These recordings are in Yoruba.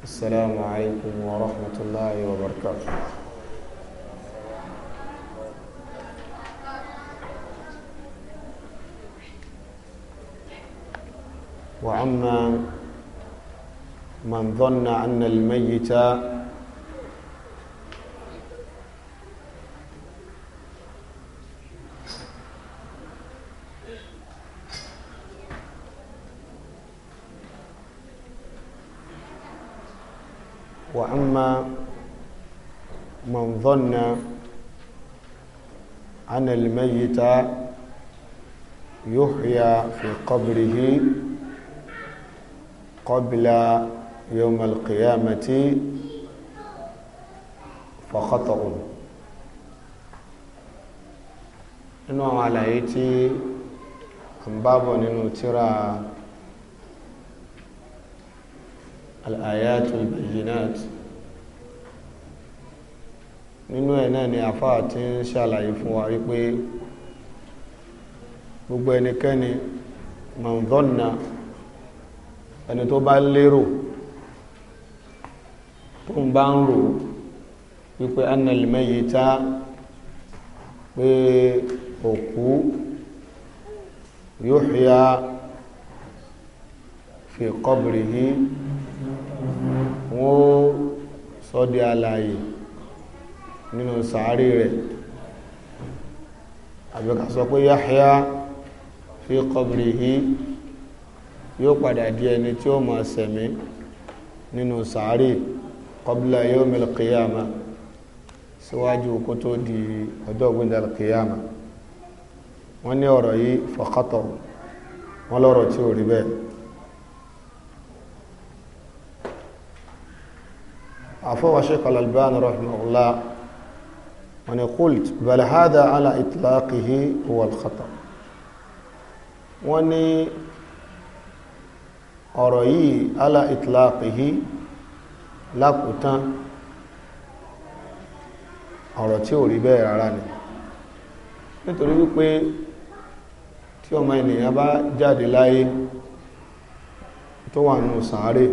السلام عليكم ورحمة الله وبركاته وعما من ظن أن الميت الظن عن الميت يحيى في قبره قبل يوم القيامة فخطأ إنه على إيتي أمباب ننترى الآيات البينات nínú ẹ̀ náà ni àfáà ti ń ṣàlàyé fún wa wípé gbogbo ẹnikẹ́ni mọ̀nvọ́nà ẹni tó bá lérò tó ń bá ń rò wípé annalmẹ́yìí tá pé òkú yuhya fi qabrihi wọ́n sọ di nínú sàárì rẹ̀ àbíká sọ pé Yahya fi qabrihi yóò padà di ẹni tí ó máa sẹ̀mí nínú sàárì qabla yawmil qiyama síwájú kó tó di ọjọ́ ògbéndàl qiyama wọ́n ní ọ̀rọ̀ yìí fọ̀kátọ̀ wọ́n lọ́rọ̀ tí ò rí bẹ́ẹ̀ àfọwọ́ṣe Al-Albani أنا قلت بل هذا على إطلاقه هو الخطأ وأني أرأي على إطلاقه لا كتان ọ̀rọ̀ tí ò rí bẹ́ẹ̀ rárá ni nítorí wípé tí ọmọ ènìyàn bá jáde láyé tó wà nù sàárè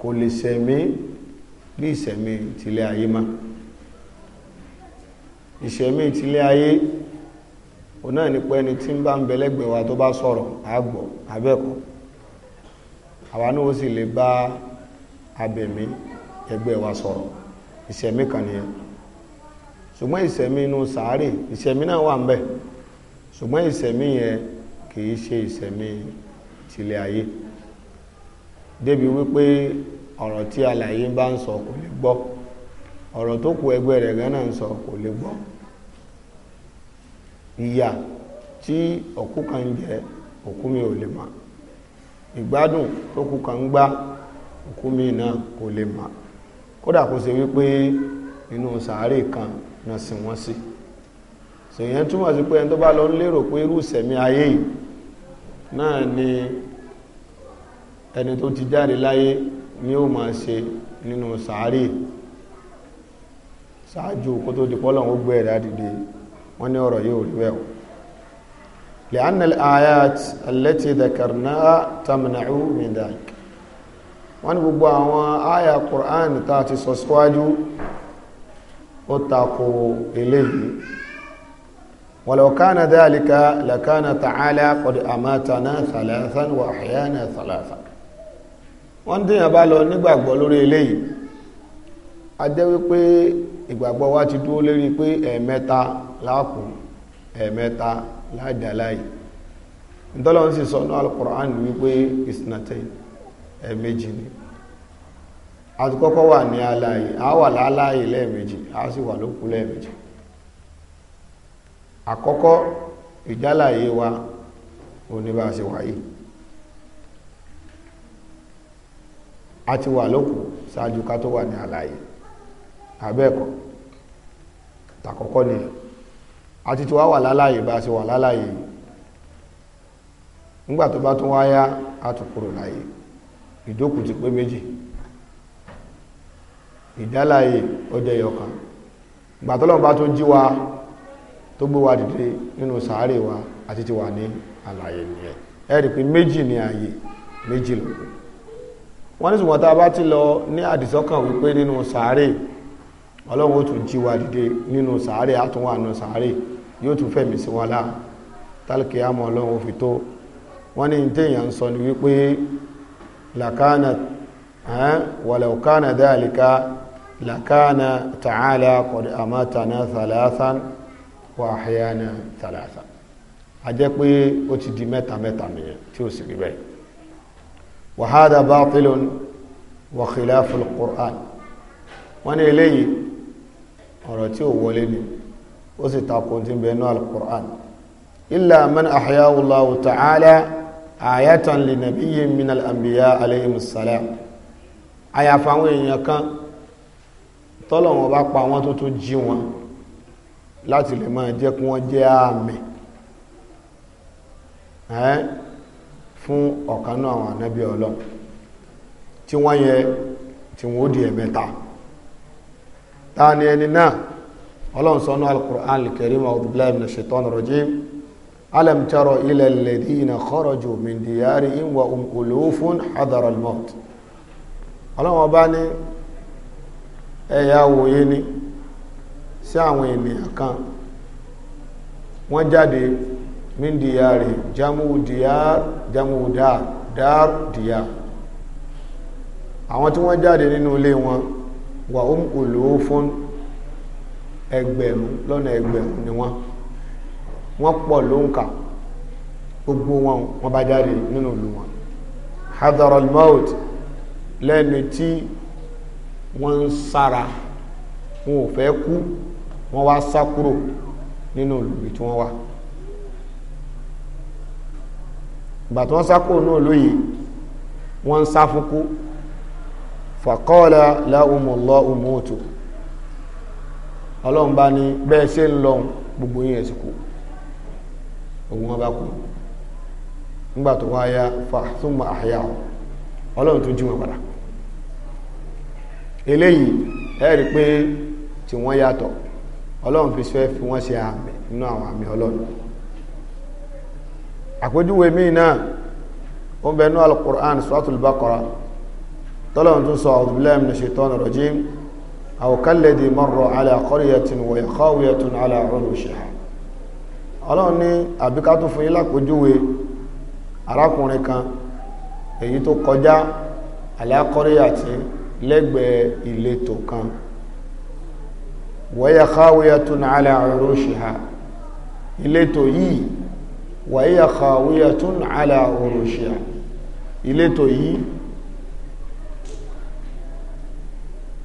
kò lè sẹ̀mí ní ìṣẹ̀mí tilé ayé má ìṣẹ̀mí tilé ayé ò náà ní pé ẹni tí ń bá ń bẹ lẹ́gbẹ̀ẹ́ wa tó bá sọ̀rọ̀ àgbọ̀ abẹ́kọ̀ àwa náà ó sì lè bá abẹ̀mí ẹgbẹ́ wa sọ̀rọ̀ ìṣẹ̀mí kan nìyẹn ṣùgbọ́n ìṣẹ̀mí inú sàárè ìṣẹ̀mí náà wà ń bẹ ṣùgbọ́n ìṣẹ̀mí yẹn kìí ṣe ìṣẹ̀mí tilé ayé débi wípé ọ̀rọ̀ tí alàyé bá ń sọ kò lè gbọ́ ọ̀rọ̀ tó kù ẹgbẹ́ rẹ̀ gánà ń sọ kò lè gbọ́ ìyà tí ọ̀kú kan jẹ òkú mi ò lè mà ìgbádùn tó kù kan ń gbá òkú mi náà kò lè mà kódà kò ṣe wípé inú sàárè kan náà sì wọ́n sí sèyàn túmọ̀ sí pé ẹni tó bá lọ ń lérò pé irú ìsẹ̀mí ayé yìí náà ni ẹni tó ti jáde láyé ni ó máa ṣe nínú sàárè ṣáájú kó tó di pọ́lọ̀ ó gbé ẹ̀dá dìde wọ́n ní ọ̀rọ̀ yóò rí bẹ́ẹ̀ لأن الآيات التي ذكرناها تمنع من ذلك wọ́n ní gbogbo àwọn àyà Qur'an tá ti sọ síwájú ó takò eléyìí ولو كان ذلك لكان تعالى قد أماتنا ثلاثا وأحيانا ثلاثا wọ́n ń dèyàn bá lọ nígbàgbọ́ lórí eléyìí a jẹ́ wípé ìgbàgbọ́ wa ti dúró lérí pé ẹ̀ẹ̀mẹ́ta láàkùn ẹ̀ẹ̀mẹ́ta láàdàláì ìtọ́lọ́ sì sọ ní al wípé isnatain ẹ̀ẹ̀mejì ni a ti kọ́kọ́ wà ní aláàyè a wà a sì wà lókú àkọ́kọ́ ìjálàyé wa a ti wà lókù ṣáájú ká tó wà ní àlàyé abẹ́ẹ̀kọ́ tàkọ́kọ́ ni a ti ti wá wà láláyé bá ṣe wà láláyé nígbà tó bá tún wáyá a tún kúrò láyé ti pé méjì ìdálàyé ọjọ́ ìyọkan ìgbà wa tó gbé wa dìde nínú sàárè wa ti wà ní wọ́n ní ṣùgbọ́n tá a bá ti lọ ní àdìsọ́kàn wípé nínú sàárè ọlọ́run ó tún jí wa dìde nínú sàárè àtúnwà nù sàárè yóò tún fẹ̀mí sí wa láà tálkì àmọ́ ọlọ́run ó fi tó wọ́n ní téèyàn sọ ni wípé làkánà wàlẹ̀kánà dáàlìká làkánà tààlà qad amátana thalathan wa ahyana thalathan a jẹ́ pé ó ti di mẹ́ta mẹ́ta mìíràn tí ó sì rí bẹ́ẹ̀ wàhádà báàtílùn wa khilaful Qur'an wọ́n ní eléyìí ọ̀rọ̀ tí ó wọlé ni ó sì takò tí bẹnu al-Qur'an illa man ahyahu Allahu ta'ala ayatan li nabiyyin min al-anbiya alayhim salam àyàfà àwọn èèyàn kan tọ́lọ̀ wọn bá pa wọn tó tó jí wọn láti lè máa jẹ́ kí wọ́n jẹ́ àmì fún ọ̀kanú àwọn ànábì ọlọ́run tí wọ́n yẹ tí wọ́n ó di ẹ̀mẹ́ta ta ni ẹni náà ọlọ́run sọ́nà al-Qur'an al-Karim a'udhu billahi minash shaitani rajim alam tara ila alladhina kharaju min ní ẹ̀yà wòye ni sí àwọn ènìyàn kan wọ́n jáde min diyarihim jamu jamu da dar diya àwọn tí wọ́n jáde nínú ilé wọn wà ó ń olówó fún ẹgbẹ̀rún lọ́nà ẹgbẹ̀rún ni wọ́n wọ́n pọ̀ ló ń kà gbogbo wọn wọ́n bá jáde nínú ìlú wọn hadar al-maut lẹ́nu tí wọ́n ń sára wọn ò fẹ́ kú wọ́n wá sá kúrò nínú ìlú tí wọ́n wà. ìgbà tí wọ́n sá kúrò náà lóye wọ́n ń sá fàkọ́ọ̀lá láhùmọ̀lọ́ òmùtò ọlọ́run bá ní bẹ́ẹ̀ ṣe ń lọ gbogbo yín ẹ̀sìn kú òun wọn kú nígbà tó wáyá fàtúmọ̀ àyà ọlọ́run tó jí wọn padà wọ́n yàtọ̀ ọlọ́run fi fẹ́ wọ́n ṣe àmì nínú àwọn àmì ọlọ́run àpèjúwe míì náà ó ń bẹnu alukur'an suratul baqara tọ́lọ́run tún sọ a'udhu billahi minash shaitani rajim aw kalladhi marra ala qaryatin wa hiya khawiyatun ala urushiha ọlọ́run ní àbíká tó fún yín lápèjúwe arákùnrin kan èyí tó kọjá ala qaryatin lẹ́gbẹ̀ẹ́ yìí wàíyà kàwíyà tún àlà òrùṣìà ìletò yìí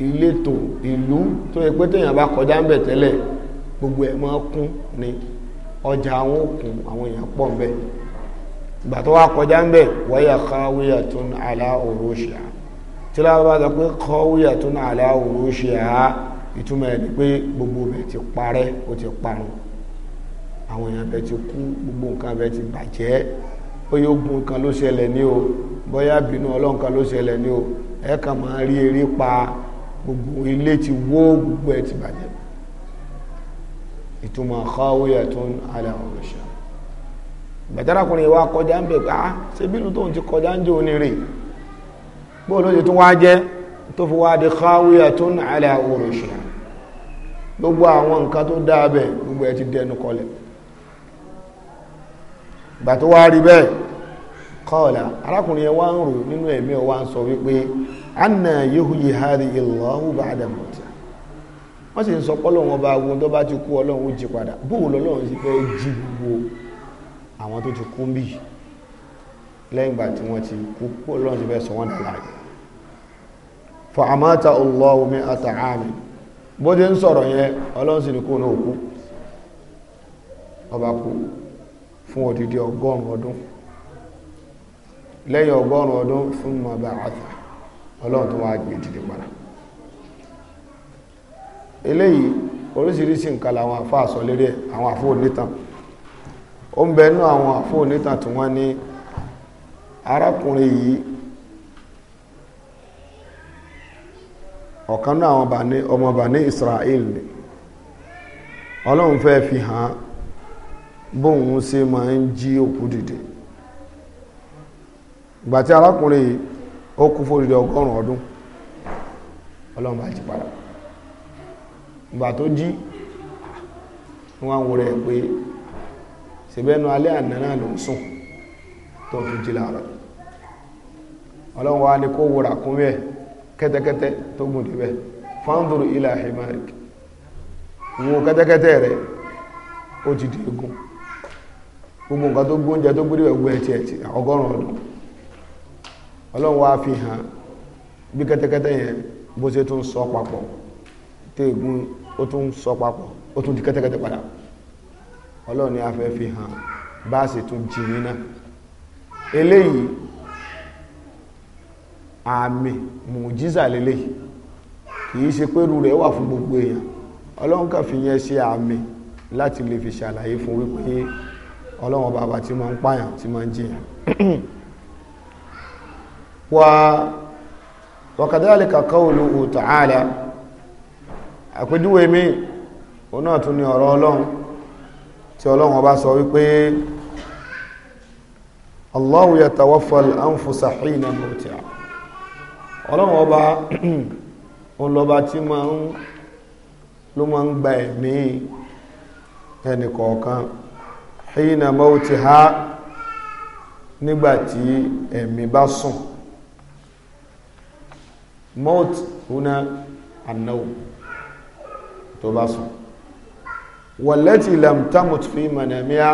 ìletò ìlú tó yẹ pé téèyàn bá kọjá ń bẹ̀ tẹ́lẹ̀ gbogbo ẹ̀ máa kún ni ọjà àwọn òkun àwọn èèyàn pọ̀ ń ìgbà tó wá kọjá ń bẹ̀ wáyà kàwíyà tún àlà òrùṣìà tí lábàbá sọ pé kọ́wíyà tún àlà òrùṣìà ìtumọ̀ ẹ̀ ni pé gbogbo ẹ̀ ti parẹ́ ó ti parun àwọn èèyàn bẹ ti kú gbogbo nǹkan bẹ ti bàjẹ́ bóyá ogun kan ló ṣẹlẹ̀ ní o bóyá bínú ọlọ́run kan ló ṣẹlẹ̀ ní o ẹ kàn máa rí eré pa gbogbo ilé ti wó gbogbo ẹ ti bàjẹ́ ìtumọ̀ káwíyà tó ń alẹ́ àwọn òṣà gbẹ̀dárakùnrin wa kọjá ń bẹ̀ pé ah ṣe bínú tóun ti kọjá ń jẹ́ onírè bóò ló ṣe tún wá jẹ́ tó fi wá di káwíyà tó ń alẹ́ àwọn òṣà gbogbo àwọn nǹkan tó dáa bẹ̀ gbogbo ẹ ti dẹnu kọlẹ̀ ìgbà tó wá rí bẹ́ẹ̀ kọ́ọ̀lá arákùnrin yẹn wá ń rò nínú ẹ̀mí ọwá ń sọ wípé anna yuhyi hadhihi Allahu ba'da mawtiha wọ́n sì ń sọ bá tó bá ti kú Ọlọ́run jí padà bóun lọ́lọ́run sì fẹ́ jí gbogbo àwọn tó ti kú lẹ́yìn ìgbà tí wọ́n ti kú Ọlọ́run sì fẹ́ sọ wọ́n fún odidi ọgọ́rùn ọdún lẹ́yìn ọgọ́rùn ọdún fún mọ̀bá àtà ọlọ́run tó wá gbé padà eléyìí oríṣiríṣi nǹkan lérí ẹ̀ àwọn afọ nítàn ó ń bẹnú àwọn àfóò nítàn tí wọ́n ní arákùnrin yìí ọ̀kan bóun ṣe máa ń jí òkú dìde ìgbà tí arákùnrin ó kú fódìdí ọgọ́rùn ọdún ọlọ́run bá jí padà ìgbà tó jí wọ́n wọ́n rẹ̀ pé ṣẹ̀bẹ́nu alẹ́ àná náà ló ń sùn tó fi jí láàárọ̀ ọlọ́run wá ní kó wòrà kún mẹ́ kẹ́tẹ́kẹ́tẹ́ tó gùn gbogbo nǹkan tó gbóúnjẹ tó gbóúnjẹ ẹ̀gbọ́ ẹ̀tì ẹ̀tì ọgọ́rùn ọdún fi hàn bí kẹ́tẹ́kẹ́tẹ́ yẹn bó ṣe tún sọ papọ téègùn ó tún sọ papọ ó tún di kẹ́tẹ́kẹ́tẹ́ padà ọlọrun ni a fẹ́ fi hàn bá a sì tún jì yín náà eléyìí àmì mùjísà lélẹ́yìí kìí ṣe gbogbo èèyàn kàn fi yẹn ṣe àmì láti lè fi ọlọ́wọ́n bàbá tí ma ń pààyàn tí ma ń jìyàn wa wakadhalika qawluhu ta'ala àpèjúwe mi òun náà tún ni ọ̀rọ̀ ọlọ́run tí ọlọ́run ọba sọ wípé Allahu yatawaffal anfusa hina mawtiha ọlọ́run ọba òun tí ma ń ló ma ń gba ẹ̀mí hina mautiha nígbàtí ẹ̀mí bá sùn maut huna anau tó bá sùn wallati lam tamut fi manamiha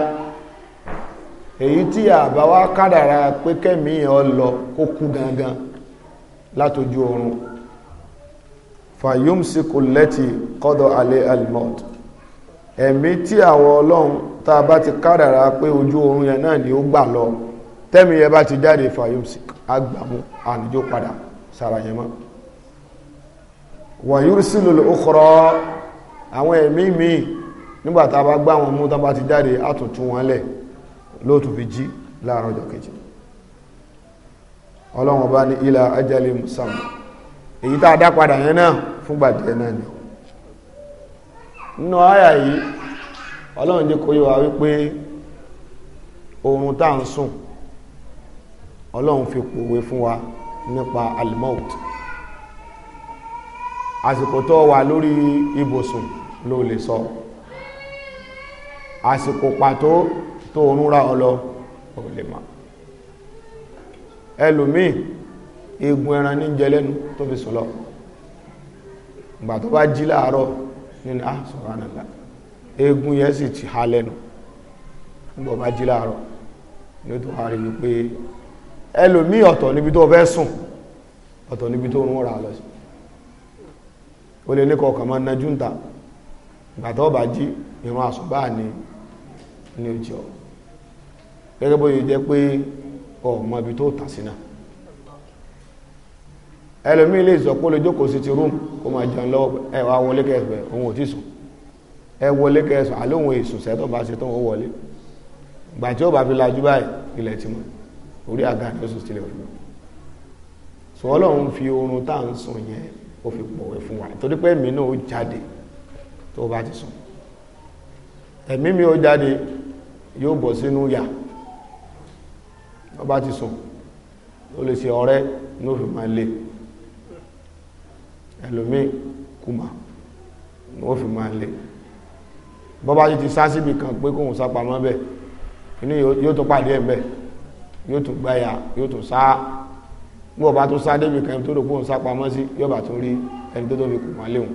èyí tí àbáwá kádàrà pé kẹ́mí ọ lọ kó kú gangan látojú oorun fayumsiku allati qada alẹ́ almọ́tù ẹ̀mí tí àwọn ọlọ́run tá a bá ti kádàrá pé ojú oorun yẹn náà ni ó gbà lọ tẹ́mi yẹn bá ti jáde fàyọ́sì agbàmú àníjó padà sára yẹn mọ́ wàyúrísìlò òkúrọ̀ àwọn ẹ̀mí míì nígbà tá a bá gbá wọn mú tá a bá ti jáde àtúntú wọn lẹ̀ lóòtú fi jí láàárọ̀ ọjọ́ kejì ọlọ́run ọba ní ilà ajali musamman èyí tá a dá padà yẹn náà fúngbà díẹ̀ náà ni ó nínú àyà yìí ọlọ́run jẹ́ kó yé wa wípé oorun tá à ń sùn ọlọ́run fi pòwe fún wa nípa alimout àsìkò tó wà lórí ibùsùn ló lè sọ àsìkò pàtó tó oorun rá ọ lọ ò lè mọ̀ ẹlòmíì egun ẹran ní jẹ lẹ́nu tó fi sùn lọ ìgbà tó bá jí láàárọ̀ ní ah subhanallah eegun yẹn sì ti ha lẹ́nu nígbà bá jí láàárọ̀ ní tó wá rí pé ẹlòmíì ọ̀tọ̀ níbi tó fẹ́ sùn ọ̀tọ̀ níbi tó ń rà lọ sí lè máa ọ gẹ́gẹ́ bó jẹ́ pé ọmọ ibi ẹlòmí ilé ìsọ̀pọ̀ lójókòó sí ti rúm kó máa jẹun lọ́wọ́ ẹwà wọlé kẹsàn òun ò tí sùn ẹ wọlé kẹsàn àlóhun èsùn sẹ́tọ̀ bá ṣe tán ó wọlé gbà tí ó bá fi lajú báyìí ilẹ̀ ti mọ́ orí àga ni ó sùn sílẹ̀ òfin sọ ọlọ́run fi oorun tá à ń sùn yẹn ó fi pọ̀wẹ́ fún wa torí pé èmi náà ó jáde tó bá ti sùn ẹ̀mí mi ó jáde yóò bọ̀ sínú yà tó ti sùn ó lè ṣe ọ̀rẹ́ ní ó máa le ẹlòmíì kùmà ni wọ́n fi máa lè bọ́bá yìí ti sá síbi kan pé kóhùn sá pamọ́ bẹ́ẹ̀ inú yóò tó pàdé ẹ̀ bẹ́ẹ̀ yóò tún gbáyà yóò tún sá bí ọba tó sá débi kan tó rò kóhùn sá pamọ́ sí yóò bá tún rí ẹni tó tó fi kùmà léhùn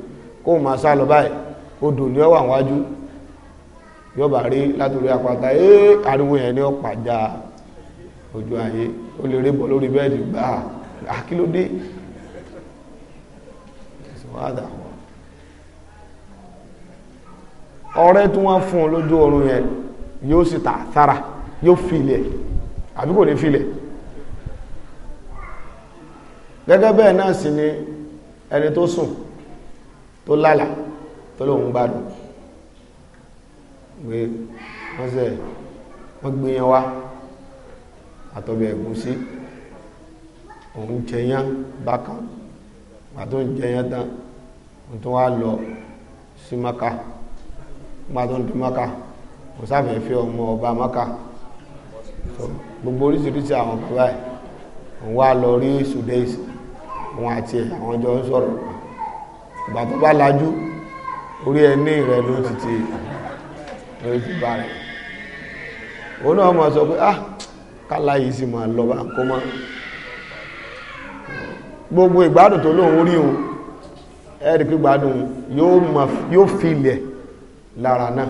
kóhùn máa sá lọ báyìí odò ni ó wà wájú yóò bá rí látòrí àpáta ee ariwo yẹn ni ó pàjá ojú ayé ó lè rí bọ́ lórí bẹ́ẹ̀dì gbà á kí ló dé wàhádà hùwà ọ̀rẹ́ tí wọ́n fún lójú oorun yẹn yóò sì tà sára yóò filẹ̀ àbí kò ní filẹ̀ gẹ́gẹ́ bẹ́ẹ̀ náà sì ni ẹni tó sùn tó lálà tó lóun gbádùn pé wọ́n sẹ́ wọ́n gbìyàn wá àtọ́bẹ̀ ẹ̀gúsí òun jẹyán bákan àtọ́ ń jẹyán tán tó wá lọ sí maka nígbà tó ń di maka kò sáfẹ́ fẹ́ ọmọ ọba maka gbogbo oríṣiríṣi àwọn bàbá ẹ̀ òun wá lọ rí sudais òun àti ẹ̀ àwọn jọ ń sọ̀rọ̀ ìgbà tó bá lajú orí ẹni rẹ̀ ló ti ti lórí ti bá rẹ̀ òun náà mọ̀ sọ pé ah kálá yìí sì máa lọ bá ń kó mọ́ gbogbo ìgbádùn tó lóun rí òun ẹ̀rí pé gbádùn yóò fi ilẹ̀ lára náà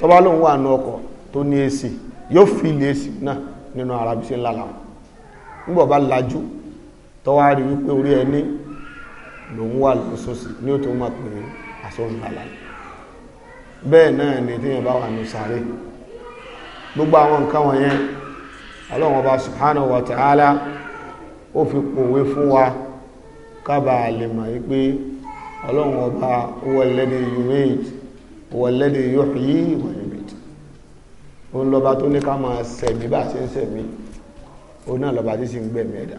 tó bá lóun wà ní ọkọ̀ tó ní èsì yóò fi ilẹ̀ èsì náà nínú ara bí nígbà bá lajú tó wá rí wípé orí ẹni lòun wà lọ́sọ̀sì ní ó tó bẹ́ẹ̀ náà ni tí yẹn bá wà Ọba subhanahu wa ta'ala fi pòwe fún wa kábà lè mọ̀ wípé ọlọ́run ọba wọlẹ́dẹ̀ yumeit wọlẹ́dẹ̀ yọ̀hí wọ̀nyẹ̀mẹ̀t o ń lọ́ba tó ní ká máa sẹ̀mí bá ṣe ń sẹ̀mí o náà lọ́ba tí sì ń gbẹ̀mí ẹ̀dá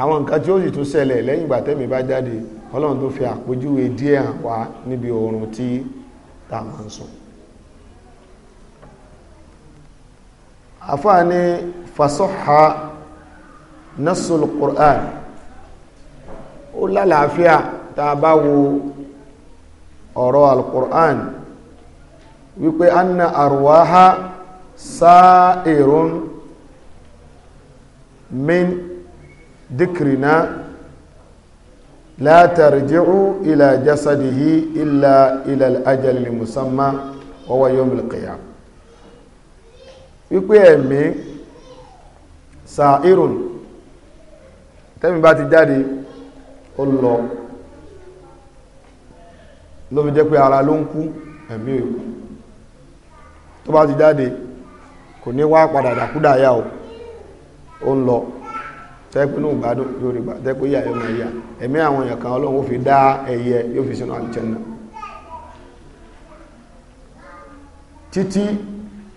àwọn nǹkan tí ó sì tún ṣẹlẹ̀ lẹ́yìn ìgbà tẹ́mi bá jáde ọlọ́run tó fi àpèjúwe díẹ̀ wá níbi oorun tí ta máa ń sùn àfáà ní fasọ́ha nasul qur'an ó lálàáfíà tá a bá wo ọ̀rọ̀ al-Qur'an wípé anna arwaha sa'irun min dhikrina la tarji'u ila jasadihi illa ila al-ajal al-musamma wa huwa wípé ẹ̀mí sa'irun tẹ́mi bá ti jáde ó lọ ló fi jẹ́ pé ara ló ń kú ẹ̀mí ìkú tó bá ti jáde kò ní wá padà dàkúdà yá o ó ń lọ tẹ́pẹ́ ní ìgbádùn yóò rí gbà tẹ́pẹ́ yà ẹ̀mọ̀ ìyà ẹ̀mí àwọn èèyàn kan ọlọ́run ó fi dá ẹyẹ yóò fi sínú àlùjànnà títí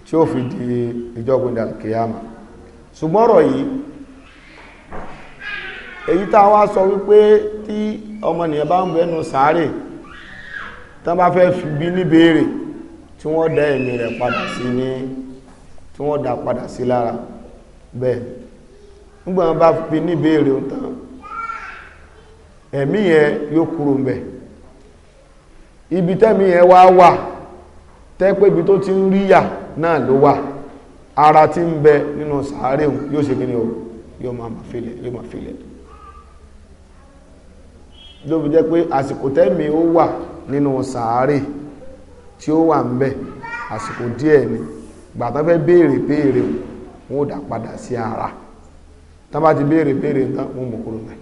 tí ó fi di ìjọgbìn dàkìyàmà ṣùgbọ́n ọ̀rọ̀ yìí èyí tá a wá sọ wípé tí ọmọnìyàn bá ń bẹ bẹnu sáré tán bá fẹ́ fi bí níbèèrè tí wọ́n dá ẹ̀mí rẹ̀ padà sí ní tí wọ́n dá padà sí lára bẹ́ẹ̀ nígbà wọn bá fi níbèèrè tán ẹ̀mí yẹn yóò kúrò mbẹ̀, ibi tẹ́mi yẹn wá wà tẹ́pẹ́ ibi tó ti ń ríyà náà ló wà ara tí ń bẹ nínú sàárè yóò ṣe kí ni o yóò máa fílẹ̀ yóò máa fílẹ̀ ló fi jẹ́ pé àsìkò tẹ́mi ó wà nínú sàárè tí ó wà ń bẹ̀ àsìkò díẹ̀ ni gbàtán fẹ́ béèrè béèrè wọn ò dà padà sí ara tán bá ti béèrè béèrè tán wọn mú kúrò mẹ́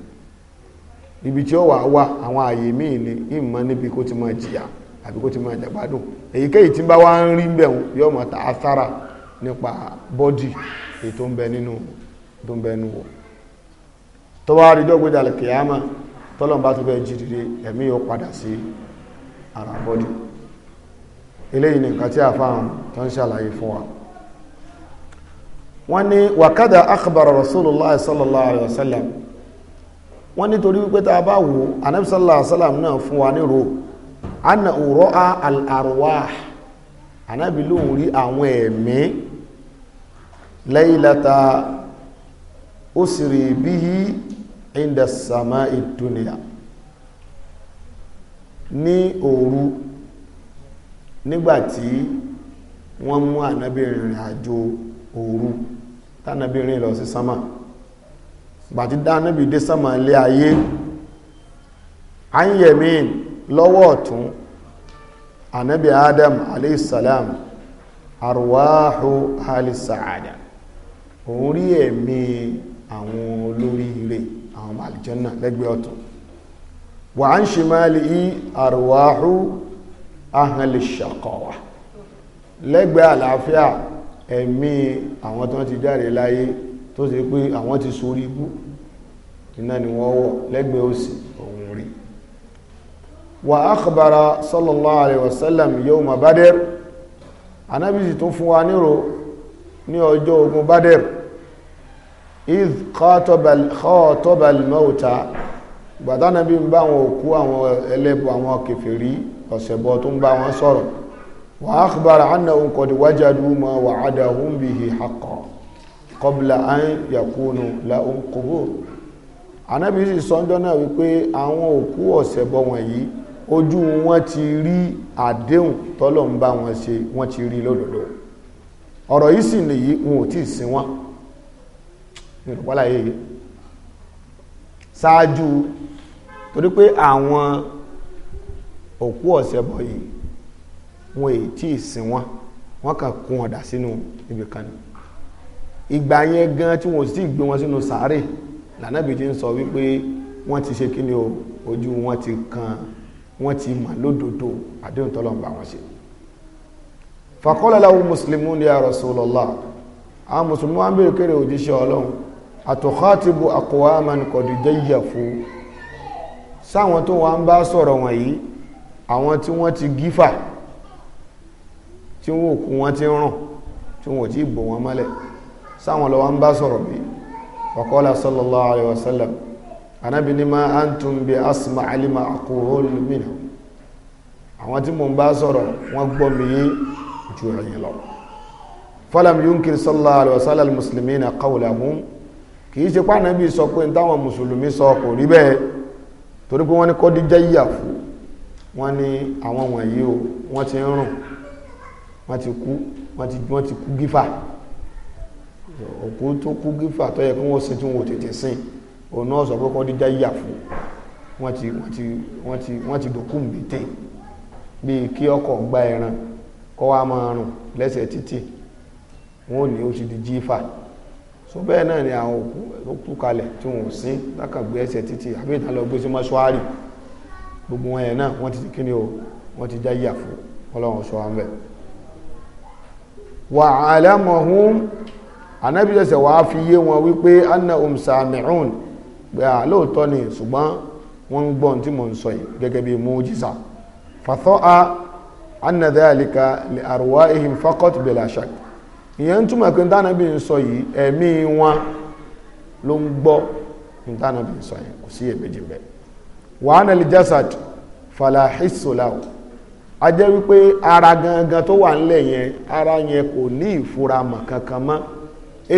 ibi tí ó wà wà àwọn àyè míì ni ìmọ̀ níbi kó ti máa jìyà àbí kó ti máa jàgbádùn èyíkéyìí tí bá wá ń rí bẹ̀ wọn yóò mọ̀ ta asára nípa bọ́dì èyí tó ń bẹ nínú tó ń bẹ nínú wọ tó bá rí dọ́gbẹ́dàlẹ̀ kìyàmá tọ́lọ́n bá tó bẹ́ẹ̀ jí dìde ẹ̀mí yóò padà sí ara bọ́dì eléyìí ni nǹkan tí a fáwọn tó ń ṣàlàyé fún wa wọ́n ní wàkádà akhbar rasulullah sallallahu alaihi wasallam wọ́n nítorí wípé tá a bá wo inda sama ìdúnìyà ní òru nígbàtí wọ́n mú ànábìnrin rìn àjò òru tánábìnrin lọ sí sánmà gbàtí dánábì dé sánmà ilé ayé ayẹ̀mín lọ́wọ́ ọ̀tún ànábì adam aleyhisselam arwáhù alisaada òun rí ẹ̀mí àwọn olóríire àwọn ọmọ àlìjẹ́nà lẹ́gbẹ̀ẹ́ ọ̀tún wà á ń ṣe máa lè yí àrùwáhù ahànlè ṣàkọ̀wà lẹ́gbẹ̀ẹ́ àlàáfíà ẹ̀mí àwọn tó ti jáde láyé tó ṣe pé àwọn ti sórí ibú iná ni wọ́n wọ̀ lẹ́gbẹ̀ẹ́ òsì òun rí wà ákàbàrà sallallahu alaihi wasallam yawma Badr anábìsì tó fún wa nírò ní ọjọ́ ogun Badr iz khatobal mauta gbàdánà bí ń bá àwọn òkú àwọn ẹlẹ́bọ àwọn kèfèrí ọ̀sẹ̀bọ tó ń bá wọn sọ̀rọ̀ wa akhbara annahum qad wajadu ma wa'adahum bihi haqqan qabla an yakunu lahum qubur anábì sì sọ́njọ́ náà wípé àwọn òkú ọ̀sẹ̀bọ wọ̀nyí ojú wọn ti ọ̀rọ̀ yìí sì nìyí wọn ò tí ì sin wọ́lá yìí ṣáájú torí pé àwọn òkú ọ̀sẹ̀bọ yìí wọn èyí tí ìsìn wọn wọn kàn kún ọ̀dà sínú ibi kan ni ìgbà yẹn gan tí wọn sì gbé wọn sínú sàárè lànàbì ti ń sọ wípé wọn ti ṣe kíni o ojú wọn ti kan wọn ti mà lódodo àdéhùn tọ́lọ́mùbá wọn ṣe faqala lahu muslimun ya rasulullah àwọn mùsùlùmí wọn bèèrè kéré òjíṣẹ́ ọlọ́run àtọ̀kọ́tìbù àkọwàmán kọ̀dùjẹ́ yẹ̀fú sáwọn tó wọ́n bá sọ̀rọ̀ wọ̀nyí àwọn tí wọ́n ti gífà tí wọ́n òkú wọn ti rùn tí wọ́n ti bò wọn mọ́lẹ̀ sáwọn lọ wọ́n bá sọ̀rọ̀ bí ọkọ́lá sallallahu alaihi wasallam anábi ni ma antum bi asma kìí ṣe pàànàbí sọ pé táwọn mùsùlùmí sọ kò rí bẹ́ẹ̀ torí pé wọ́n ní kọ́ díjẹ́ yíyà fún wọ́n ní àwọn wọ̀nyí o wọ́n ti rùn wọ́n ti kú wọ́n ti wọ́n ti kú gífà òkú tó kú gífà tó yẹ kí wọ́n sin tí wọ́n tètè sin òun náà sọ pé kọ́ díjẹ́ yíyà fún wọ́n ti wọ́n ti wọ́n ti wọ́n ti dòkú mbètè bíi kí ọkọ̀ gba ẹran kọ́ wa máa rùn lẹ́sẹ̀ títì wọ́n ò ní ó ti di jífà so bẹ́ẹ̀ náà ni àwọn òkú òkú kalẹ̀ tí wọ́n sí lákàgbé ẹsẹ̀ títí àbí ìtàn lọ gbé sí mọ́ṣúárì gbogbo wọn yẹn náà wọ́n ti kí ni o wọ́n ti jáyà fún ọlọ́run sọ wọn bẹ̀ wà alámọ̀hún anábì ṣẹ̀ṣẹ̀ wàá fi yé wọn wípé anna umsami'un pé à ni ṣùgbọ́n wọ́n ń gbọ́n tí mò ń sọ yìí gẹ́gẹ́ bí mu'jiza fatha'a anna dhalika li arwa'ihim faqat bila shak ìyẹn ń túmọ̀ pé ń sọ yìí ẹ̀mí wọn ló ń gbọ́ ntánàbí ń sọ yẹn kò sí èméjì bẹ́ẹ̀ nà lè a jẹ́ wípé ara gangan tó wà nílẹ̀ yẹn ara yẹn kò ní ìfuramọ̀ kankan mọ́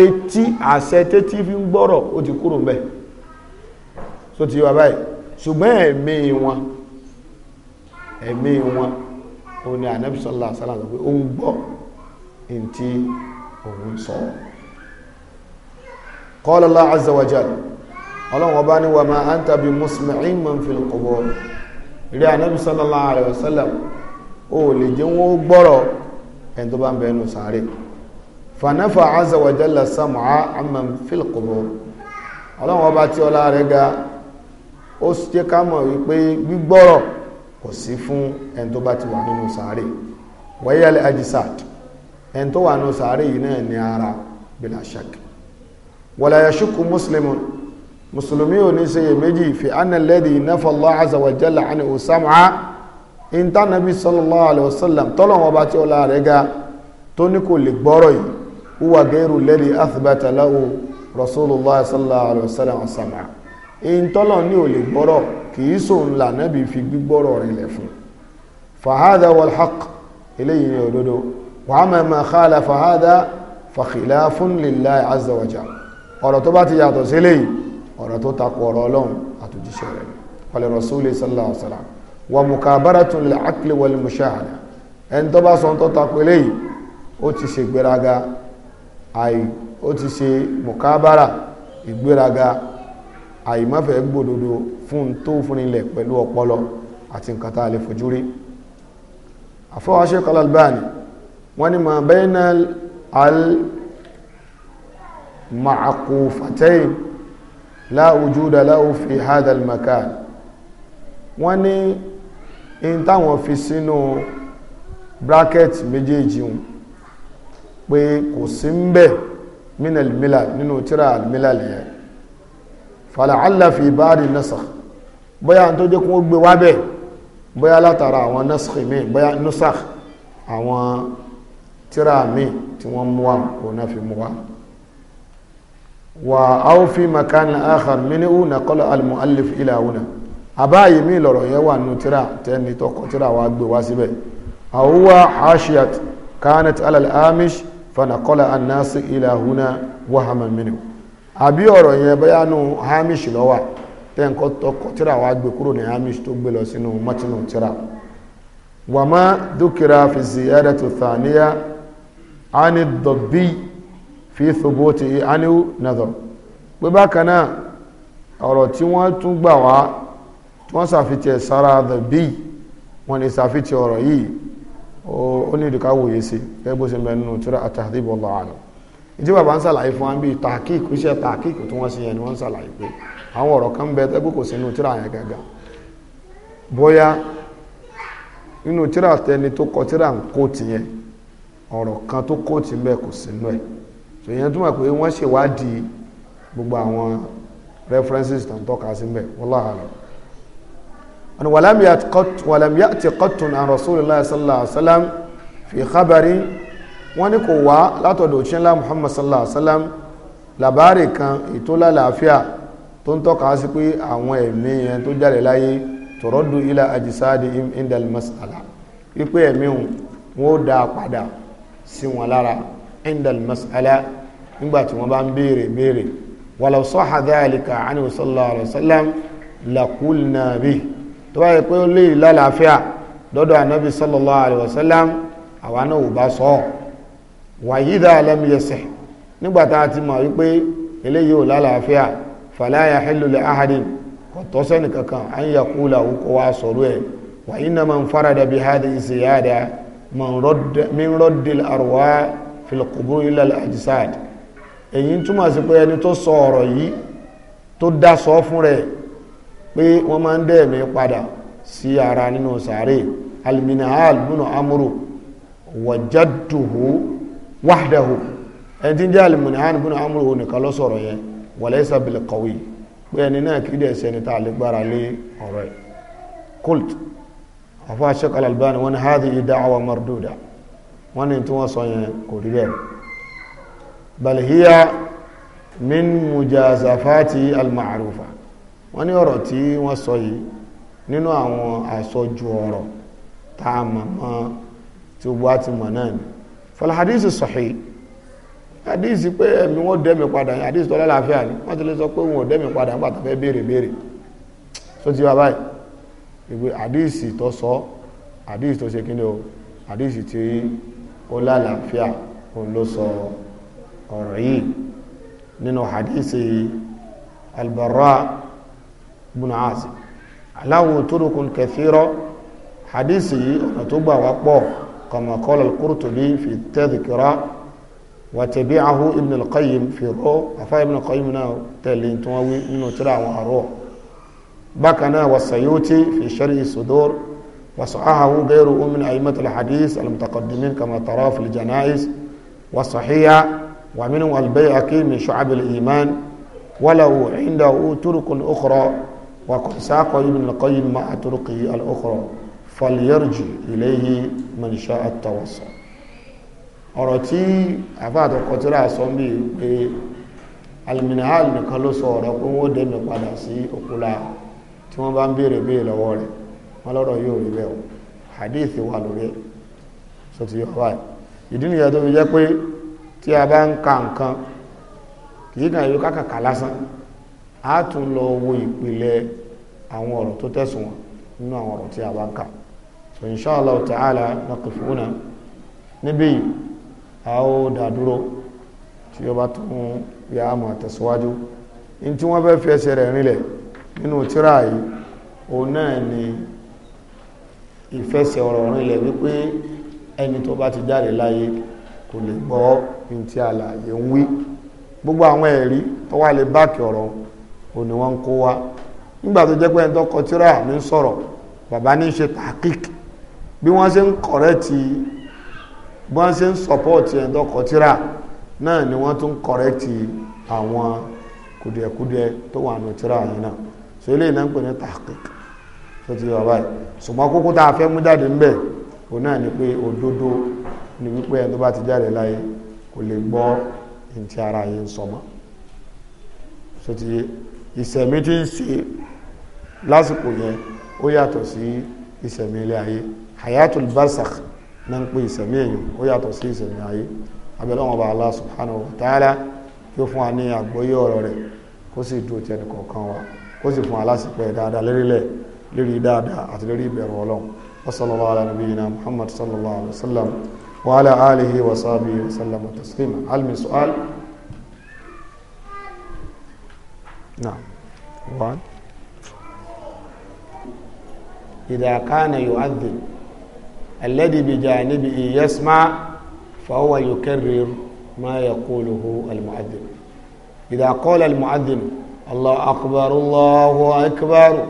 etí àṣẹ tẹ́tí fi ń gbọ́rọ̀ ó ti kúrò ti wà báyìí ṣùgbọ́n ẹ̀mí wọn ẹ̀mí wọn òun sọ qala Allah azza wa jalla ọlọ́run ọba ní wa ma anta bi musmi'in man fil qubur rí anábì sallallahu alaihi wasallam ó lè jẹ́ wọ́n gbọ́rọ̀ ẹni tó bá ń bẹnu sáré fanafa azza wa jalla sam'a amman fil qubur ọlọ́run ọba tí ọlá rẹ̀ ga ó jẹ́ ká mọ̀ wípé gbígbọ́rọ̀ kò sí fún ẹni tó bá ti wà nínú sáré wayal ajisad ẹn tó wà nù sàárè yìí náà ní ara bila shak wala yashukku muslimun mùsùlùmí ò ní ṣe iyèméjì fi anna alladhi nafa Allah azza wa jalla anhu sam'a inta nabi sallallahu alayhi wa sallam tọ́lọ̀wọ́ bá tí ó láàrẹ ga tó ní kò lè gbọ́rọ̀ yìí huwa ghayru alladhi athbata lahu rasulullah sallallahu alayhi wa sallam sam'a in tọ́lọ̀ ní ò lè gbọ́rọ̀ kì í sòun là fi gbígbọ́rọ̀ rẹ̀ lẹ̀ fún fa hadha wal haqq eléyìí ni وعما ما خالف هذا فخلاف لله عز وجل ọ̀rọ̀ tó bá ti yàtọ̀ sí eléyìí ọ̀rọ̀ tó takò ọ̀rọ̀ ọlọ́run àtòjíṣẹ́ rẹ̀ wal rasuli sallallahu alaihi wasallam wa mukabaratun lil aqli wal mushahada ẹni tó bá sọ tó takò eléyìí ó ti ṣe gbéraga àì ó ti ṣe mukabara ìgbéraga albani wọ́n ní ma bẹ́ẹ̀nà al-ma'akufatayn la wujuda lahu fi hadha al-makan wọ́n ní in táwọn fi sínú bracket méjèèjì wọn pé kò sí ń bẹ̀ min al-milal nínú tíra al-milal yẹn fala'alla fi bari nasakh bóyá tó jẹ́ kún ó gbé wábẹ̀ bóyá látara àwọn nasakh mi tíra mi tí wọ́n mú wa òun náà fi mú wa wà á ó fi makan akhar minhu naqala al-muallif ila huna àbáyé mi lọ̀rọ̀ yẹn wà nù tíra tẹ́ni tọkọ tíra wa gbé wá síbẹ̀ àwùwá hashiyat kanat alal amish fanaqala an-nas ila huna wahaman minhu àbí ọ̀rọ̀ yẹn bóyá nù hamish lọ́wà tẹ́ǹkọ́ tọkọ tíra wa gbé kúrò ní hamish tó gbé lọ sínú mọ́tínú tíra wàmá dúkìrá fi ziyadatu thaniya ani الضبي في ثبوته عنه نظر pé bákan náà ọ̀rọ̀ tí wọ́n tún gbà wá tí wọ́n ṣàfihàn sára dọ̀bí wọ́n lè ṣàfihàn ọ̀rọ̀ yìí ó ní ìdíkà wòye sí gẹ́gẹ́ bó ṣe ń nínú tíra at-Tahdhib wallahu ìdí bàbá ń ṣàlàyé fún wa bíi tàkíkù iṣẹ́ tàkíkù tí ṣe yẹn ni wọn ń ṣàlàyé pé àwọn kan bẹ kò sí nínú tíra yẹn bóyá nínú tíra tẹni tó kọ tíra ọ̀rọ̀ kan tó kó tì mẹ́ kò sínú ẹ̀ so ìyẹn túmọ̀ pé wọ́n ṣèwádìí gbogbo àwọn references tó ń tọ́ka sí mẹ́ wallahu a'lam ani walam ya'ti qattun an rasulillah sallallahu alaihi wasallam fi khabari wọ́n ní kò wá látọ̀dọ̀ òṣìṣẹ́lá muhammad sallallahu alaihi wasallam kan ìtólá làáfíà tó ń tọ́ka sí pé àwọn ẹ̀mí yẹn tó jáde láyé tọ̀rọ̀dù ila ajisadi indal mas'ala wípé ẹ̀mí wọn ó dáa padà sí wọn lára indal mas'ala nígbà tí wọ́n bá ń béèrè béèrè walaw sahha dhalika anhu sallallahu alaihi wasallam laqulna bi tó bá yẹ pé ó lè lálàáfíà lọ́dọ̀ ànábì sallallahu alaihi wasallam àwa náà ò bá sọ ọ́ wàyídà lam yasih nígbà tá a ti mọ̀ wípé eléyìí ò lálàáfíà fala yahillu li ahadin kò tọ́ sẹ́nì min rọ́dìl àrùwá filikubu ilẹ̀ àjísáàdì èyí túmọ̀ sí pé ẹni tó sọ ọ̀rọ̀ yìí tó dá sọ fún rẹ̀ pé wọ́n máa ń dẹ̀ẹ̀mí padà sí ara nínú sàárè alminahal bunu amuru wàjádùhù wáhdàhù ẹni tí ń jẹ́ alminahal bunu amuru ò nìkan ló sọ̀rọ̀ yẹn wàlẹ́sà bilkawi pé ẹni náà kí dẹ̀ sẹni tá lé ọ̀rọ̀ ẹ̀ àfọ Sheikh Al-Albani wọn ni hadhihi da'wa marduda wọn ni tí wọ́n sọ yẹn kò rí bẹ́ẹ̀ bal hiya min mujazafati al-ma'rufa wọ́n ní ọ̀rọ̀ tí wọ́n sọ yìí nínú àwọn àsọjù ọ̀rọ̀ tá a mọ̀ mọ́ tí ó bá ti mọ̀ náà fal hadith sahih hadith pé ẹ̀mí wọ́n dẹ́mi padà yẹn hadith tó lálàáfíà ni wọ́n ti lè sọ pé wọ́n dẹ́mi padà nígbà tó fẹ́ béèrè béèrè tó ti wá báyìí ìgbé àdíìsì tó sọ àdíìsì tó ṣe kíni o àdíìsì tí ó lálàáfíà òun ló sọ ọ̀rọ̀ yìí nínú àdíìsì albarra ibn Azib aláwo turukun kathira àdíìsì yìí ọ̀nà tó gbà wá pọ̀ kama qala al-Qurtubi fi tadhkira wàtẹ̀bí ahu ibn al-Qayyim fi rọ́ afá ibn al-Qayyim náà tẹ̀lé tí wọ́n wí nínú tíra àwọn àrọ́ bákanáà wasayuti fi sharhi sudur wasahahu gairu min aimatul hadis almutaqaddimin kama tara fi janais wasahiya wa min albayhaqi min shu'ab aliman walahu indahu turukun ukhra wa qad saqa ibn alqayyim ma'a turuqi alukhra falyarji ilayhi man sha'a at-tawassul ọ̀rọ̀ tí àfáàtọ̀kọ̀ tí ra sọ bí pé alminhal nìkan ló sọ ọ̀rọ̀ pé wọ́n dẹ̀mẹ̀ padà sí òkúláà tí wọ́n bá ń bèèrè béèrè lọ́wọ́ rẹ̀ wọ́n lọ́rọ̀ yóò rí bẹ́ẹ̀ o hadith wà lórí so ti yọ̀ báyìí ìdí nìyẹn tó fi jẹ́ pé tí a bá ń ka nǹkan kìí kan yóò kákàkà lásán a tún lọ wo ìpìlẹ̀ àwọn ọ̀rọ̀ tó tẹ̀sùn wọn nínú àwọn ọ̀rọ̀ tí a bá ń kà so inshallah ta'ala níbí a ó tí bá tún yà á ní tí wọ́n fẹ́ fi ẹsẹ̀ rẹ̀ nínú tíra yìí òun náà ni ìfẹsẹ̀ ọ̀rọ̀ ọ̀rìn ilẹ̀ wípé ẹni tó bá ti jáde láyé kò lè gbọ́ ohun tí alààyè ń wí gbogbo àwọn ẹ̀rí tó wà lè báàkì ọ̀rọ̀ òun ni wọ́n ń kó wá nígbà tó jẹ́ pé ẹni tó kọ tíra mi ń sọ̀rọ̀ bàbá ní ṣe tàkík bí wọ́n ṣe ń kọ̀rẹ́tì bí wọ́n ṣe ń sọ̀pọ̀tì ẹni tó tíra náà ni wọ́n tún kọ̀rẹ́tì àwọn kùdìẹ̀kùdìẹ tó wà nù tíra yìí náà so eléyìí náà ń pè ní tahqiq so ti yọ báyìí ṣùgbọ́n kókó tá a fẹ́ mú jáde ń bẹ̀ náà ni pé òdodo ni wípé ẹni tó bá ti jáde láyé kò lè gbọ́ ní ti ara yìí ń sọmọ so ti ìsẹ̀mí tí ń ṣe lásìkò yẹn ó yàtọ̀ sí ìsẹ̀mí ilé ayé hayatul barzakh na ń pè ìsẹ̀mí èèyàn ó yàtọ̀ sí ìsẹ̀mí ayé abẹ́lẹ́ wọn bá Allah subhanahu wa ta'ala yóò fún wa ní àgbọ́yé ọ̀rọ̀ rẹ̀ kó sì dúró tẹnì wa kó sì fún alásìpẹ̀ dáadáa lẹ̀ lérí dáadáa àti lérí ìbẹ̀rù ọlọ́run wa sallallahu ala nabiyyina muhammad sallallahu alaihi wa sallam wa ala alihi wa sahbihi wa sallam wa taslima almi su'al na'am one إذا كان يؤذن الذي بجانبه يسمع فهو يكرر ما يقوله المؤذن إذا قال المؤذن الله أكبر الله أكبر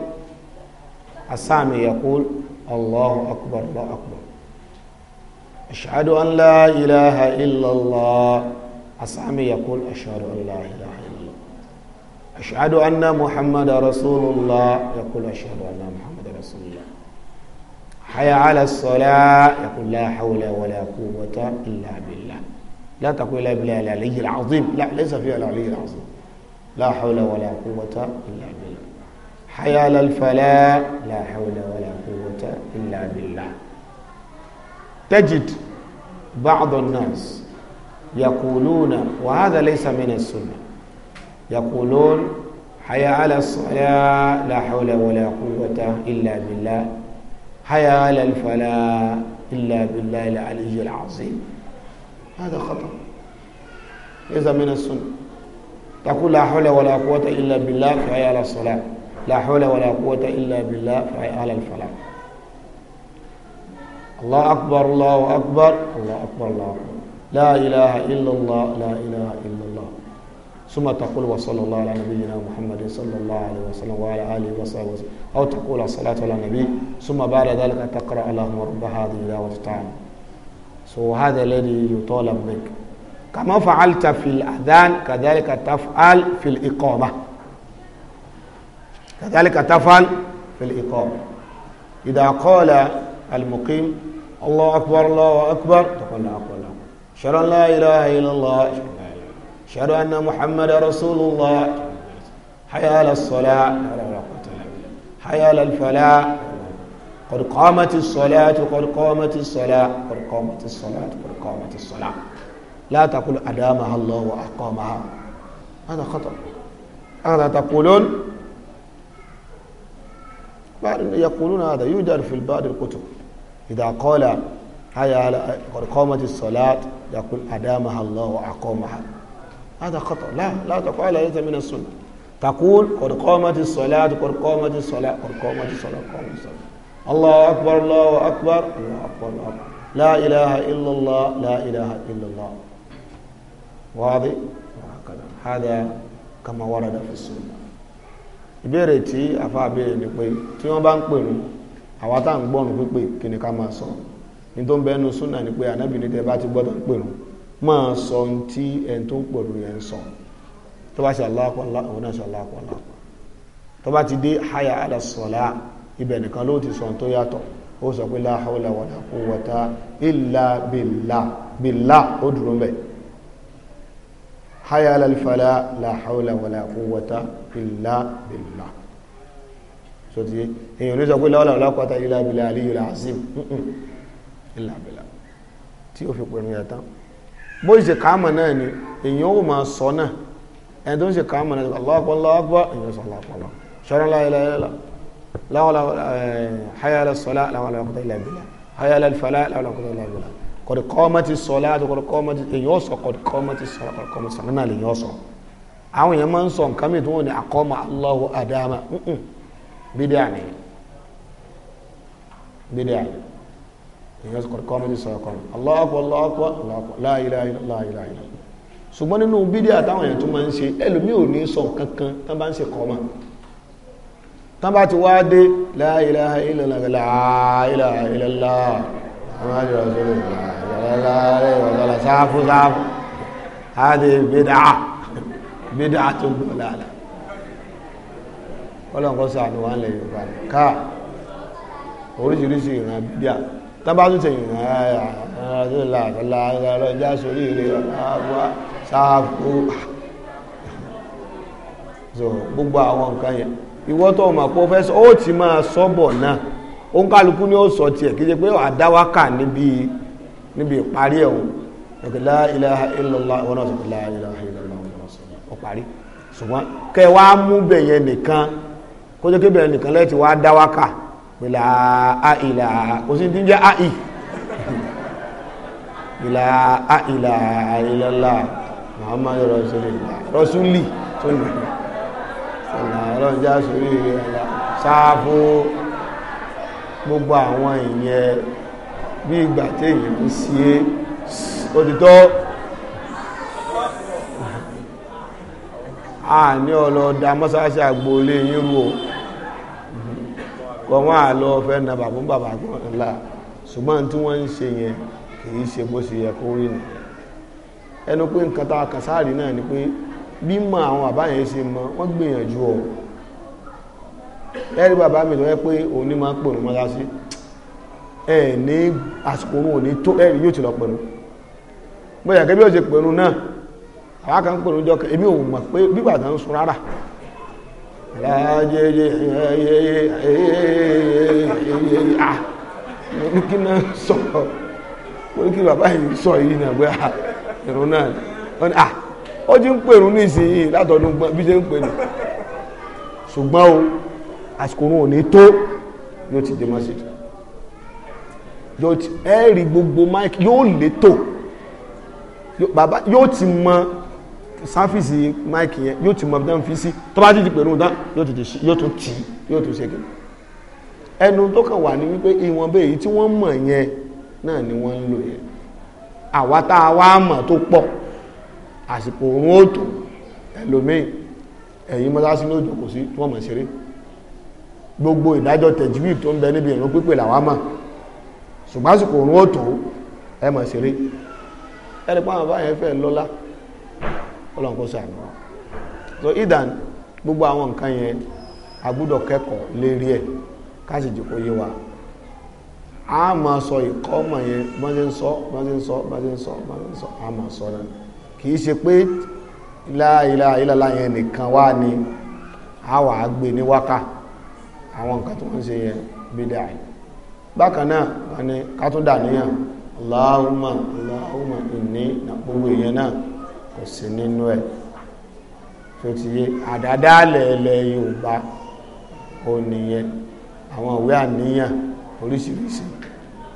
السامي يقول الله أكبر الله أكبر أشهد أن لا إله إلا الله السامي يقول أشهد أن لا إله إلا الله أشهد أن محمد رسول الله يقول أشهد أن محمد رسول الله حي على الصلاة يقول لا حول ولا قوة إلا بالله لا تقول لا بالله العلي العظيم لا ليس فيها العلي العظيم لا حول ولا قوة إلا بالله حي على لا حول ولا قوة إلا بالله تجد بعض الناس يقولون وهذا ليس من السنة يقولون حيا على الصلاة لا حول ولا قوة إلا بالله حيا على الفلاح إلا بالله العلي العظيم هذا خطأ ليس من السنة تقول لا حول ولا قوة إلا بالله فهي على الصلاة لا حول ولا قوة إلا بالله فهي على الفلاح الله أكبر الله أكبر الله أكبر الله أكبر لا إله إلا الله لا إله إلا الله ثم تقول وصلى الله على نبينا محمد صلى الله عليه وسلم وعلى آله وصحبه وسلم أو تقول الصلاة على النبي ثم بعد ذلك تقرأ اللهم رب هذه الدعوة تعالى So هذا الذي يطالب بك kama fa'alta fil adhan kadhalika taf'al fil iqama kadhalika taf'al fil iqama idha qala al muqim الله أكبر الله أكبر تقول لا أقول لكم أشهد أن لا إله إلا الله أشهد أن محمد رسول الله حي على الصلاة حي على الفلاح قد قامت الصلاة قد قامت الصلاة قد قامت الصلاة قد قامت الصلاة لا تقول أدامها الله وأقامها هذا خطأ هذا تقولون بعد يقولون هذا يوجد في بعض الكتب إذا قال هيا قد قامت الصلاة يقول أدامها الله وأقامها هذا خطأ لا لا تقول هذا ليس من السنة تقول قد قامت الصلاة قد قامت الصلاة قد قامت الصلاة قامت الصلاة الله أكبر الله أكبر الله أكبر الله أكبر لا إله إلا الله لا إله إلا الله واضح وهكذا هذا كما ورد في السنة ìbéèrè tí àfa béèrè ni pé tí wọ́n bá ń pèrún àwa tá ń gbọ́nu pípé kí ni ká máa sọ ní tó ń ni pé ní bá ti gbọ́dọ̀ ń pèrún máa sọ ohun tí ẹni tó ń yẹn sọ tó bá ṣe òun náà ṣe ti dé ala salah ibẹ̀ nìkan ló ti sọ ohun tó yàtọ̀ ó sọ pé la hawla wala quwwata hayya ala al-falah la hawla wala quwwata illa billah so ti èyàn ní sọ pé láwọ́lá ọlọ́pàá ilá abilá aliyu làásìm ilá abilá tí ó fi pẹ̀lú yàtá bó ṣe kàámọ̀ náà ni èyàn ó máa sọ náà ẹni tó ń ṣe kàámọ̀ náà Allahu Akbar èyàn sọ aláàpọ̀lá ṣọ́rọ́ láìláìlá láwọ́lá hayala sọlá láwọ́lá ọlọ́pàá ilá abilá hayala alfalá láwọ́lá ọlọ́pàá ilá abilá kọ̀dì kọ́mọ́tì sọlá àti kọ̀dì kọ́mọ́tì èyàn sọ kọ̀dì kọ́mọ́tì sọlá kọ̀dì kọ́mọ́tì sọlá náà lèyàn sọ àwọn èèyàn máa ń sọ nǹkan mìíràn tó wọn ni àkọ́mọ Allahu adama bídíà ni bídíà ni èyàn sọ kọ̀dì kọ́mọ́tì sọlá kọ̀dì Allahu akbar Allahu akbar la ilaha illallah ṣùgbọ́n nínú bídíà táwọn èèyàn tó máa ń ṣe ẹlòmíì ò ní sọ kankan tán bá ń ṣe kọ́mọ́ tán bá ti wá dé la ilaha illallah la ilaha illallah àwọn àjọ àjọ lè gbà á alaihi wasallam sáfù sáfù àti bídà bídà tó gbọ́ láàlá ọlọ́nkọ́ sàánú wà lè yorùbá ká oríṣiríṣi ìran bídà tábà tún tẹ̀yìn gbogbo àwọn nǹkan yẹn ìwọ́ tó ọmọ pọ̀ fẹ́ sọ ó ti máa sọ́bọ̀ náà ó ń kálukú ní ó sọ tiẹ̀ kí jẹ́ pé àdáwákà níbi níbi ìparí ẹ̀ o ìgbìlá ilaha illallah wọn náà sọ pé la ilaha illallah wọn náà sọ ọ parí ṣùgbọ́n kẹ wá mú bẹ̀yẹn nìkan kó jẹ́ kí bẹ̀yẹn nìkan lẹ́ẹ̀tì wá dá wákà pé la ilaha kò sí ti jẹ́ ai la ilaha illallah muhammadu rasulillah rasuli tó nìyẹn sọlá ọlọ́jà sórí ìrẹ̀lá bí ìgbà tí èyàn ń sí é òtítọ́ a ní ọlọ́ọ̀dá mọ́sáṣẹ́ àgbò olé yírú o kọ̀wọ́n àlọ́ fẹ́ na bàbún bàbá gbọ́n ńlá ṣùgbọ́n tí wọ́n ń ṣe yẹn kìí ṣe bó ṣe yẹ kó rí nì ẹnu pé nǹkan tá a kà náà ni pé bí mọ àwọn bàbá yẹn ṣe mọ wọ́n gbìyànjú ọ̀ ẹ̀rí bàbá mi tó pé òun ní máa ń pòrò mọ́lá sí ẹ̀ ní àsìkò òun ò ní tó ẹ̀rí yóò ti lọ pẹ̀lú bóyá kẹ́bí ó pẹ̀lú náà àwọn kan pẹ̀lú jọ mọ̀ pé bíbà tán sun rárá láàájẹ́jẹ́ ẹ̀yẹ́yẹ́yẹ́yẹ́yẹ́yẹ́ ah, ní kí náà sọ kí bàbá yìí sọ yìí náà pé ah, ẹ̀rọ náà ni ah, ó ti ń pèrú nísìnyí látọ̀dún bí ṣe ń pè sugbawo ṣùgbọ́n o àsìkò òun ò tó yóò ti dé ẹ rí gbogbo mic yóò létò bàbá yóò ti mọ sáfíìsì mic yẹn yóò ti mọ bí wọ́n fi sí tó bá ti di pẹ̀lú dán yóò tún tì yóò tún ṣe kí ẹnu tó kàn wà ní wípé ìwọ̀n bẹ́ẹ̀ èyí tí wọ́n mọ̀ yẹn náà ni wọ́n ń lò yẹn àwa tá a wá mọ̀ tó pọ̀ àsìkò òun ó tó ẹlòmíì ẹ̀yìn mọ́sáàsì ló jòkó sí tí wọ́n mọ̀ ṣeré gbogbo ìdájọ́ tẹ̀júwì tó ń bẹ níbi ìrún pípè làwa mọ̀ ṣùgbọ́n àsìkò òun ó tó ẹ mọ̀ ṣeré ẹni pọ́n lọ́lá so idan gbogbo àwọn nǹkan yẹn a kẹ́kọ̀ọ́ lérí ẹ̀ káṣì wa a máa sọ ìkọ́ ọmọ yẹn bọ́n ń a máa sọ náà kì í ṣe pé láìláìlá yẹn nìkan wá ni a wà á gbé ní wákà àwọn nǹkan tí wọ́n ń ṣe yẹn ní kátúndà níyàn Allahumma Allahumma ìní na gbogbo èèyàn náà kò sí nínú ẹ̀ tó ti yé àdádálẹ̀ ilẹ̀ Yorùbá ó nìyẹn àwọn ìwé àníyàn oríṣiríṣi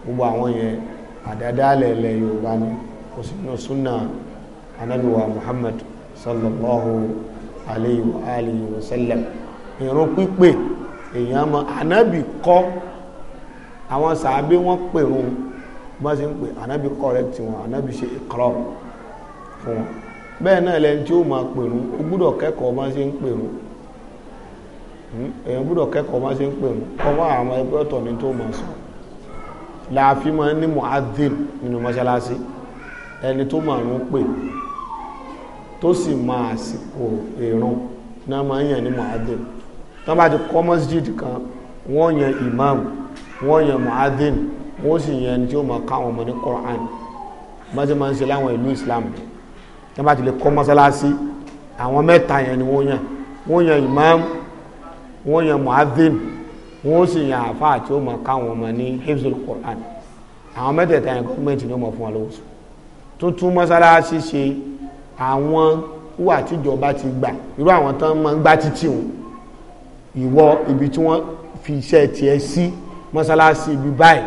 gbogbo àwọn yẹn àdádálẹ̀ ilẹ̀ Yorùbá ni kò sí nínú súnà anábìwà Muhammad sallallahu alayhi wa alihi wa sallam ìrun pípé èèyàn mọ anábì kọ́ àwọn sàábé wọ́n pèrún bọ́n sí ń pè ànábì correct wọn ànábì ṣe ìkọrọ̀ fún wọn bẹ́ẹ̀ náà lẹ́ni tí ó máa pèrún ó gbúdọ̀ kẹ́kọ̀ọ́ bọ́n sí ń pèrún hmm? èèyàn gbúdọ̀ kẹ́kọ̀ọ́ bọ́n sí ń pèrún ọwọ́ àwọn ẹgbẹ́ ọ̀tọ̀ ni tó máa sọ láàfin máa ní muadhin nínú mọ́ṣáláṣí ẹni tó máa rún pè tó sì máa àsìkò ìrun náà máa ń yàn ní muadhin tó bá ti kọ́ mọ́síjìdì kan wọ́n yan ìmáàmù wọ́n yan muadhin wọ́n sì yan ẹni tí ó máa ká àwọn ọmọ ní Quran mọ́tí máa ń ṣe láwọn ìlú Islam tí wọ́n bá ti lè kọ́ mọ́sálásí àwọn mẹ́ta yẹn ni wọ́n yan wọ́n yan imam wọ́n yan muadhin wọ́n sì yan àfáà tí ó máa ká àwọn ọmọ ní hifzul Quran àwọn mẹ́tẹ̀ẹ̀ta yẹn gọ́ọ̀mẹ̀ntì ni ó máa fún wọn lọ́wọ́ sùn tuntun mọ́sálásí ṣe àwọn wà tíjọba ti gbà irú àwọn tán máa ń gbá títì wọn ìwọ ibi tí wọ́n fi iṣẹ́ tiẹ̀ sí. Si mọ́sálásí ibi báyìí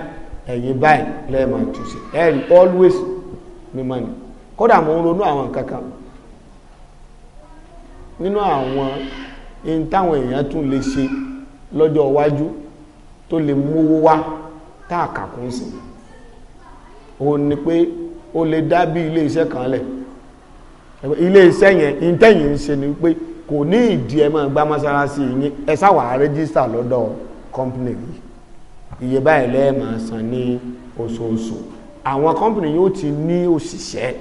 ẹ̀yìn báyìí lẹ́ẹ̀mà túnṣe ẹ̀rì always mímọ́ ni kódà mo ń ronú àwọn nǹkan kan nínú àwọn in táwọn èèyàn tún lè ṣe lọ́jọ́ iwájú tó lè mówó wá táàkàkún sí o ní pé o lè dá bí ilé kan lẹ̀ ilé iṣẹ́ yẹn intẹ́yìn ń ṣe ni pé kò ní ìdí ẹ máa gbá mọ́sálásí yín ẹ sáwà rẹ́jísítà lọ́dọ̀ company yìí iye báyìí lẹ́ẹ̀ máa san ní oṣooṣù àwọn kọ́mpìnì yóò ti ní òṣìṣẹ́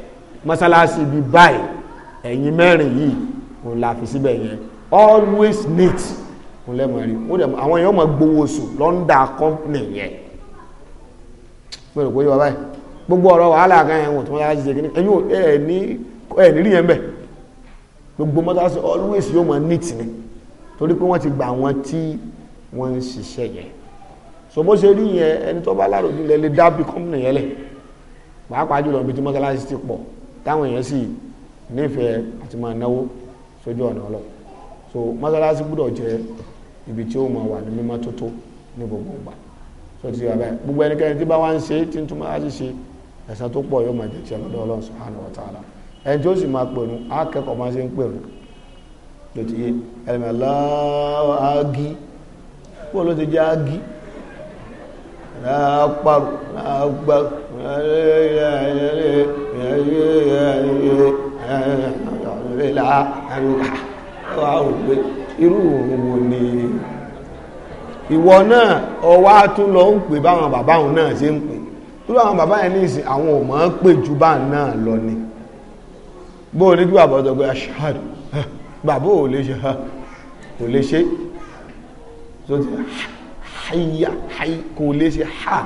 mọ́sálásí ibi báyìí ẹ̀yìn mẹ́rin yìí kò la síbẹ̀ yẹn always neat kò lẹ́mọ̀ rí àwọn èèyàn máa gbowó oṣù lọ́ndà kọ́mpìnì yẹn mo pé yọ báyìí gbogbo ọ̀rọ̀ wàhálà kan ẹ̀wọ̀n tó mọ́sálásí ṣe kìíní ẹ̀yìn ẹ̀ ní rí yẹn bẹ̀ gbogbo mọ́sálásí always yóò máa neat ni torí pé wọ́n ti gbà wọ́n tí wọ́n ń ṣiṣẹ́ yẹn so bó ṣe rí yẹn ẹni tó bá láròjú lẹ lè dábì kọ́mùnì yẹn lẹ̀ pàápàá jùlọ ibi tí mọ́sálásí ti pọ̀ táwọn èèyàn sì nífẹ̀ẹ́ àti máa náwó sójú ọ̀nà ọlọ so mọ́sálásí gbúdọ̀ jẹ́ ibi tí ó máa wà ní mímọ́ tó tó ní gbogbo ìgbà so ti yàrá gbogbo ẹnikẹ́ni tí bá wá ń ṣe tí ń tún máa ṣe ẹ̀san tó pọ̀ yóò máa jẹ́ tiẹ̀ lọ́dọ̀ Ọlọ́run subhanahu wa ta'ala ẹni tí ó ti jẹ́ láàpàrù láàgbà irú òwò ni ìwọ náà ọwá tún lọ ń pè báwọn bàbá òun náà ṣe ń pè túrò àwọn bàbá yẹn ní ìsìn àwọn ò mọ̀ pè jù bá náà lọ ni bóò ní kí bàbá ọ̀tọ̀ pé aṣáàdù bàbá ò lè ṣe hayya hayya kò lè ṣe ha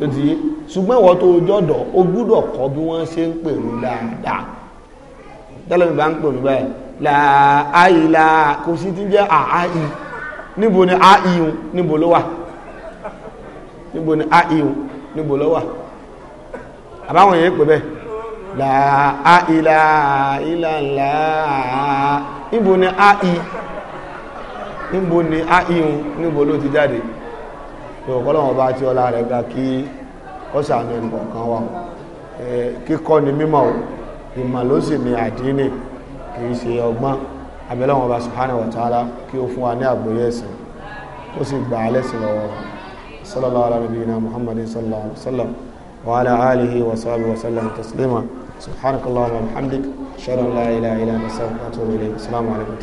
tó ti yé ṣùgbọ́n ìwọ tó jọ́dọ̀ o gbúdọ̀ kọ́ bí wọ́n ṣe ń pèrú dáadáa tẹ́lẹ̀ mi bá ń pèrú báyìí láàáyì láà kò sí ti jẹ́ àáyì níbo ni àáyìun níbo ló wà níbo ni àáyìun níbo ló wà àbáwọn èèyàn pè bẹ́ẹ̀ láàáyì láà ilà láà níbo ni àáyì níbo ni a ihun níbo ló ti jáde ìwọ̀kọ́lọ́wọ̀n bá tí ọlá rẹ̀ ga kí ó sàánú ẹnìkọ̀ kan wà kíkọ́ ni mímọ̀ ìmọ̀ ló sì ní àdínì kì í ṣe ọgbọ́n abẹ́lẹ́wọ̀n bá subhanahu wa ta'ala kí ó fún wa ní àgbóyé ẹ̀sìn ó sì gbà á lẹ́sìn lọ́wọ́ sallallahu ala nabiyina muhammadin alaihi wa sallam